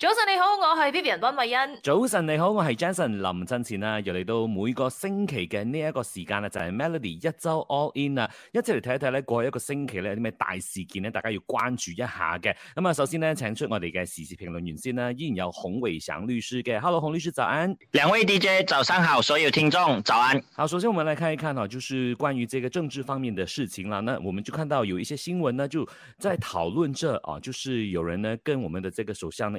早晨你好，我係 Vivian 溫慧欣。早晨你好，我係 Jason 林振前啊，又嚟到每個星期嘅呢一個時間呢、啊，就係、是、Melody 一周 All In 啊，一齊嚟睇一睇咧過去一個星期咧有啲咩大事件咧，大家要關注一下嘅。咁啊，首先呢，請出我哋嘅時事評論員先啦、啊，依然有孔維祥律師嘅。Hello，孔律師早安。兩位 DJ 早上好，所有聽眾早安、嗯。好，首先我們來看一看啊，就是關於這個政治方面的事情啦。那我們就看到有一些新聞呢，就在討論着啊，就是有人呢跟我們的這個首相呢。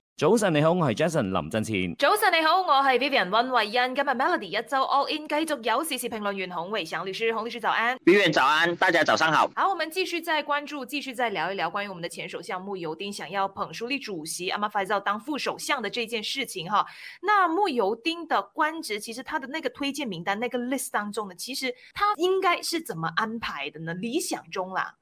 早晨你，你好，我是 Jason 林振前。早晨你好，我是 Vivian 溫慧欣。今日 Melody 一周 All In 繼續有時事評論員洪偉祥律師，洪律師早安。Vivian 早安，大家早上好。好，我們繼續再關注，繼續再聊一聊關於我們的前首相慕尤丁想要捧書立主席 Amma Faisal 當副首相的這件事情哈。那慕尤丁的官職其實他的那個推薦名單那個 list 當中呢，其實他應該是怎麼安排的呢？理想中啦。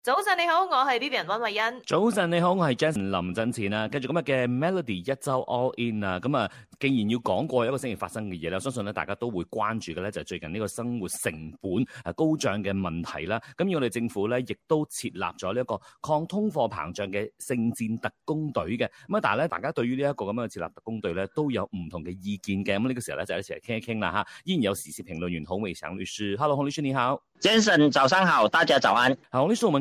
早晨你好，我係 Vivian 温慧欣。早晨你好，我係 Jason 林振前啊，繼續今日嘅 Melody 一周 All In 啊，咁啊，既然要講過一個星期發生嘅嘢啦，我相信咧大家都會關注嘅咧就係最近呢個生活成本啊高漲嘅問題啦。咁我哋政府咧亦都設立咗呢一個抗通貨膨脹嘅聖戰特工隊嘅。咁啊，但係咧大家對於呢一個咁樣嘅設立特工隊咧都有唔同嘅意見嘅。咁、這、呢個時候咧就一齊嚟傾一傾啦吓。依然有時事評論員孔偉祥律師，Hello，孔律師你好。Jason 早上好，大家早安。早好，孔律師，我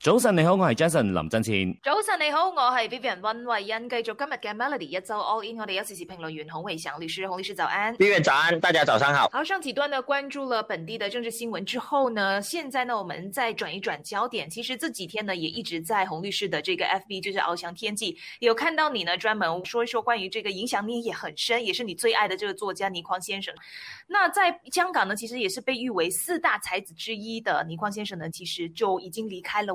早晨你好，我係 Jason 林振前。早晨你好，我係 Vivian 溫慧欣。繼續今日嘅 Melody 一周 All In，我哋有時事評論員洪偉祥律師，洪律師早安。Vivian 早安，大家早上好。好，上幾段呢？關注了本地的政治新聞之後呢，現在呢，我們再轉一轉焦點。其實這幾天呢，也一直在洪律師的這個 FB，就是翱翔天際，有看到你呢，專門說一說關於這個影響力也很深，也是你最愛的這個作家倪匡先生。那在香港呢，其實也是被譽為四大才子之一的倪匡先生呢，其實就已經離開了。